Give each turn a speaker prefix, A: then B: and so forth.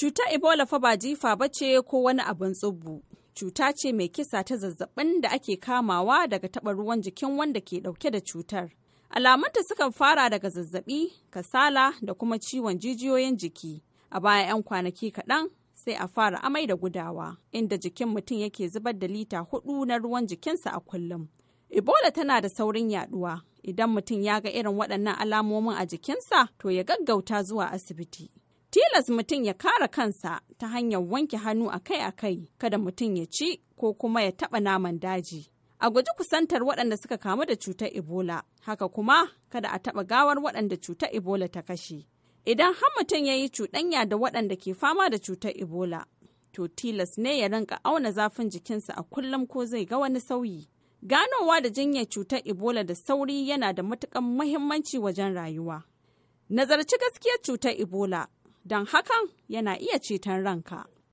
A: Cuta Ebola fa ba jifa ba ce ko wani abin tsubu. Cuta ce mai kisa ta zazzabin da ake kamawa daga taɓa ruwan jikin wanda ke ɗauke da cutar. Alamanta sukan fara daga zazzabi, kasala da kuma ciwon jijiyoyin jiki. A baya 'yan kwanaki kaɗan sai a fara amai da gudawa, inda jikin mutum yake zubar da lita hudu na ruwan jikinsa a kullum. Ebola tana da saurin yaduwa. Idan mutum ya ga irin waɗannan alamomin a jikinsa, to ya gaggauta zuwa asibiti. tilas mutum ya kare kansa ta hanyar wanke hannu akai-akai kada mutum ya ci ko kuma ya taɓa naman daji. A guji kusantar waɗanda suka kamu da cutar Ebola, haka kuma kada a taɓa gawar waɗanda cutar Ebola ta kashe. Idan har mutum ya yi cuɗanya da waɗanda ke fama da cutar Ebola, to tilas ne ya rinka auna zafin jikinsa a kullum ko zai ga wani sauyi. Ganowa da jinyar cutar Ebola da sauri yana da matuƙar muhimmanci wajen rayuwa. Nazarci gaskiyar cutar Ebola don hakan yana
B: iya ceton ranka.